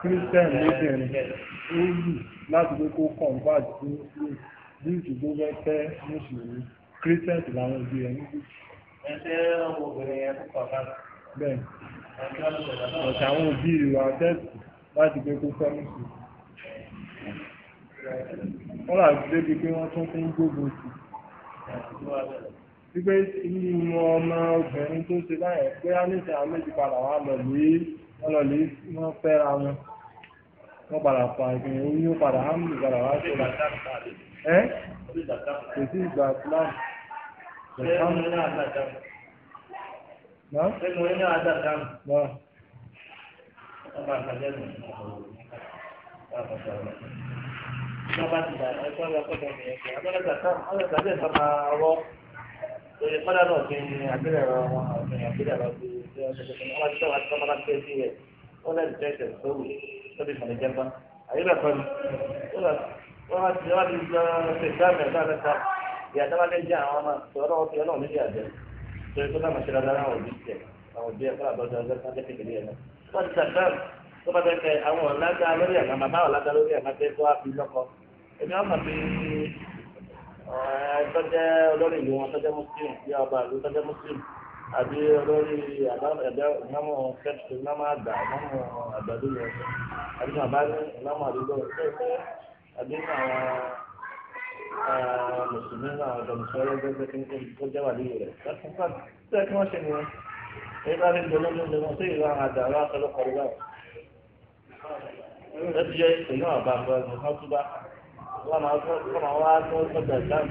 Christian lóbìnrin ó yù láti pé kó convert sí Muslim bí ìṣùgbó fẹ́ fẹ́ Mùsùlùmí Christian sì làwọn òbí ẹ̀ níbi. Ẹ̀ṣẹ́ ọmọbìnrin yẹn kó kọ̀ láti. Bẹ́ẹ̀ ọ̀sẹ̀ àwọn òbí ìwà tẹ́sì láti pé kó fẹ́ Mùsùlùmí. Wọ́n là débi pé wọ́n tún fún gbogbo sí. Wípé inú ọmọ obìnrin tó ṣe láyẹ̀ pé á ní ìṣẹ́ àmì ìpadà wà lọ lè wọ́n fẹ́ra wọn wọ́n padà fa ìpín orí ó padà hàn mí padà wá sí ọ̀la. ẹ kò sí ìgbà islam. ẹnu ní àdàdà. ẹnu ní àdàdà. ọba àgbàjẹ́ nù. ọba ti dà ẹgbẹ́ ọba tó dẹ̀ mí ẹgbẹ́ ọba dàdà ọba dàdà ẹ̀ sọ́mà ọwọ́. Oye kọ́lá náà ti àgbélẹ̀ rọ àwọn àgbélẹ̀ rọ bí ọjọ́ ìṣẹ́jú ọba tí wọ́n ti sọ́mọ́ bá tẹ́ sí rẹ̀ ó lẹ́nu tẹ́sẹ̀ sówù sọ́dọ̀ ìṣẹ̀lẹ̀ jẹ́pá àyẹ̀bẹ̀ pẹ̀lú wọ́n ti wọ́n ti lọ ṣe ìdáàmì ẹ̀dá mẹ́ta ìyá tó bá lè jẹ́ àwọn ọmọ sọ̀rọ̀ ọtí ọlọ́run níbi àjẹ́ tó ikú náà máa ṣe dáadáa láwọn òbí tiẹ̀ àwọn òbí ẹ̀kọ́ àbọ̀dọ̀ ọjọ́ kan jẹ́ kékeré ẹ̀ wọ́n ti sàdáàmù tó bá tẹ̀kẹ́ àwọn ọ̀làdá lórí àgbà màmá ọ̀làdá lórí àgbà tẹ́ tó wá fi èmi ọmọ mi tọ́jẹ́ olórí ìlú wọn tọ́jẹ́ mùsùlùmí àbí olórí ìnáwó kẹ́tù ìnáwó àgbà ìnáwó àgbàdo yẹn àbí màmá ní ìnáwó àdúgbò ìfẹ́fẹ́ àbí àwọn mùsùlùmí náà ọ̀dọ̀mùsọ̀rọ̀ gbẹgbẹ kínkín tó jẹ́ wà lóye rẹ̀ lọ́sùn fún àti kí wọ́n ṣe nìyẹn èyí bá rí dolóńdó lé wọn sí ìlú àwọn àgbà wọn àtọ́lọ́ kọ̀ọ̀lù báwọn. ẹ ti yẹ èyí wọn bá gbọ́ ẹ̀sìn kan túbá wọn máa wá tó sọ̀tà ìsáàmù